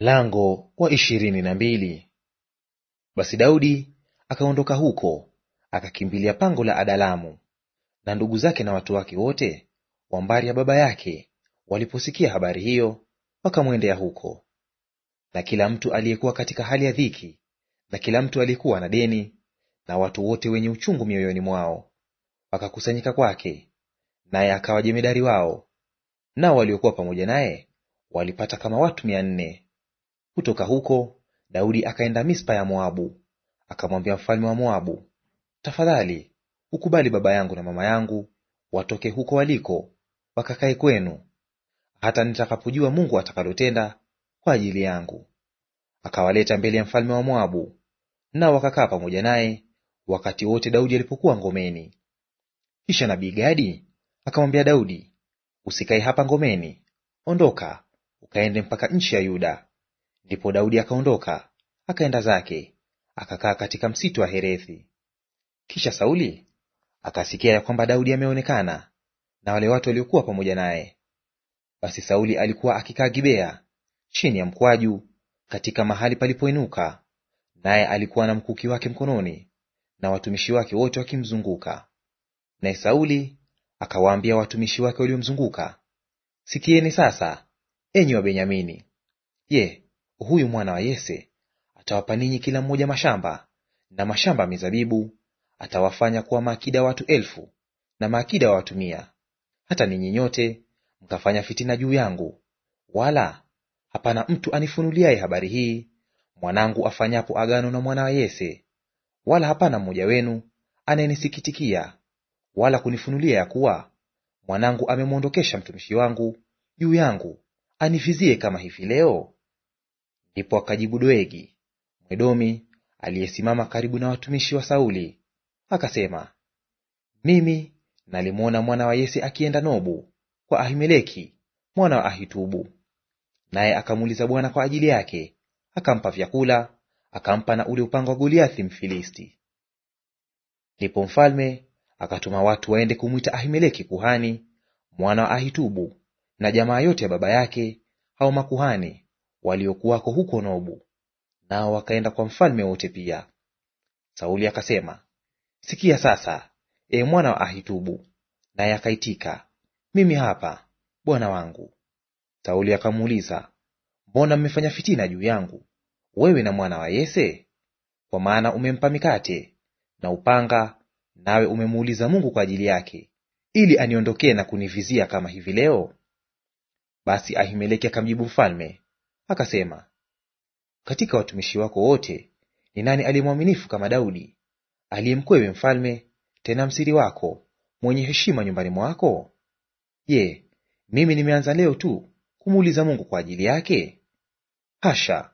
Lango wa ishirini na mbili. Basi Daudi akaondoka huko akakimbilia pango la Adalamu. Na ndugu zake na watu wake wote wa mbari ya baba yake waliposikia habari hiyo, wakamwendea huko. Na kila mtu aliyekuwa katika hali ya dhiki, na kila mtu aliyekuwa na deni, na watu wote wenye uchungu mioyoni mwao, wakakusanyika kwake, naye akawa jemedari wao, nao waliokuwa pamoja naye walipata kama watu mia nne. Kutoka huko Daudi akaenda Mispa ya Moabu, akamwambia mfalme wa Moabu, tafadhali ukubali baba yangu na mama yangu watoke huko waliko, wakakae kwenu hata nitakapojua Mungu atakalotenda kwa ajili yangu. Akawaleta mbele ya mfalme wa Moabu, nao wakakaa pamoja naye wakati wote Daudi alipokuwa ngomeni. Kisha nabii Gadi akamwambia Daudi, usikae hapa ngomeni, ondoka ukaende mpaka nchi ya Yuda Ndipo Daudi akaondoka akaenda zake akakaa katika msitu wa Herethi. Kisha Sauli akasikia ya kwamba Daudi ameonekana na wale watu waliokuwa pamoja naye. Basi Sauli alikuwa akikaa Gibea chini ya mkwaju katika mahali palipoinuka, naye alikuwa na mkuki wake mkononi na watumishi wake wote wakimzunguka. Naye Sauli akawaambia watumishi wake waliomzunguka, sikieni sasa, enyi wa benyamini Je, huyu mwana wa Yese atawapa ninyi kila mmoja mashamba na mashamba mizabibu, atawafanya kuwa maakida watu elfu na maakida wa watu mia, hata ninyi nyote mkafanya fitina juu yangu, wala hapana mtu anifunuliaye habari hii, mwanangu afanyapo agano na mwana wa Yese, wala hapana mmoja wenu anayenisikitikia wala kunifunulia ya kuwa mwanangu amemwondokesha mtumishi wangu juu yangu anivizie kama hivi leo. Ndipo akajibu Doegi Mwedomi aliyesimama karibu na watumishi wa Sauli akasema, mimi nalimwona mwana wa Yese akienda Nobu kwa Ahimeleki mwana wa Ahitubu. Naye akamuuliza Bwana kwa ajili yake, akampa vyakula, akampa na ule upanga wa Goliathi Mfilisti. Ndipo mfalme akatuma watu waende kumwita Ahimeleki kuhani mwana wa Ahitubu na jamaa yote ya baba yake, hao makuhani waliokuwako huko Nobu, nao wakaenda kwa mfalme wote pia. Sauli akasema, sikia sasa, e mwana wa Ahitubu. Naye akaitika, mimi hapa, bwana wangu. Sauli akamuuliza, mbona mmefanya fitina juu yangu, wewe na mwana wa Yese? Kwa maana umempa mikate na upanga, nawe umemuuliza Mungu kwa ajili yake, ili aniondokee na kunivizia kama hivi leo? Basi Ahimeleki akamjibu mfalme, Akasema, katika watumishi wako wote ni nani aliye mwaminifu kama Daudi, aliye mkwewe mfalme, tena msiri wako, mwenye heshima nyumbani mwako? Je, mimi nimeanza leo tu kumuuliza Mungu kwa ajili yake? Hasha!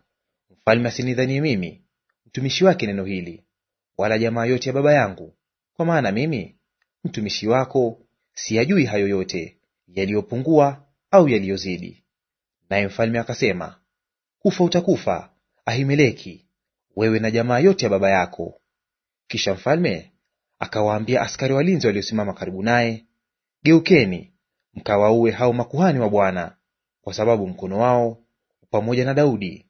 Mfalme asinidhanie mimi mtumishi wake neno hili, wala jamaa yote ya baba yangu, kwa maana mimi mtumishi wako siyajui hayo yote yaliyopungua au yaliyozidi. Naye mfalme akasema, Kufa utakufa, Ahimeleki, wewe na jamaa yote ya baba yako. Kisha mfalme akawaambia askari walinzi waliosimama karibu naye, Geukeni mkawaue hao makuhani wa Bwana, kwa sababu mkono wao pamoja na Daudi,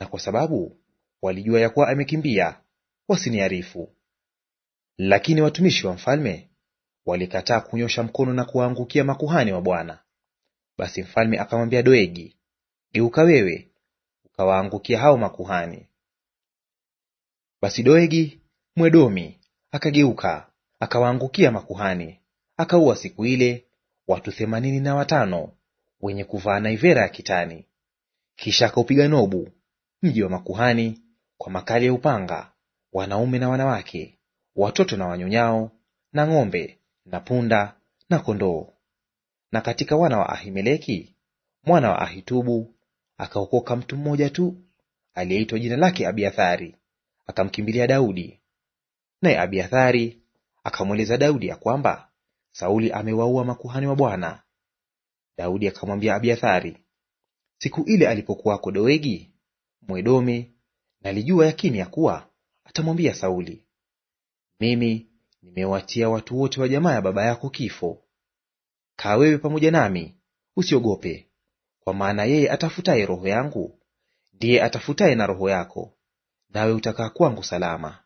na kwa sababu walijua ya kuwa amekimbia, wasiniarifu. Lakini watumishi wa mfalme walikataa kunyosha mkono na kuwaangukia makuhani wa Bwana. Basi mfalme akamwambia Doegi, geuka wewe ukawaangukia hao makuhani. Basi Doegi Mwedomi akageuka akawaangukia makuhani, akaua siku ile watu themanini na watano wenye kuvaa naivera ya kitani. Kisha akaupiga Nobu mji wa makuhani kwa makali ya upanga, wanaume na wanawake, watoto na wanyonyao, na ng'ombe na punda na kondoo. Na katika wana wa Ahimeleki mwana wa Ahitubu akaokoka mtu mmoja tu aliyeitwa jina lake Abiathari, akamkimbilia Daudi. Naye Abiathari akamweleza Daudi ya kwamba Sauli amewaua makuhani wa Bwana. Daudi akamwambia Abiathari, siku ile alipokuwako Doegi Mwedomi, nalijua yakini ya kuwa atamwambia Sauli, mimi nimewatia watu wote wa jamaa ya baba yako kifo. Kaa wewe pamoja nami, usiogope, kwa maana yeye atafutaye roho yangu ndiye atafutaye na roho yako, nawe utakaa kwangu salama.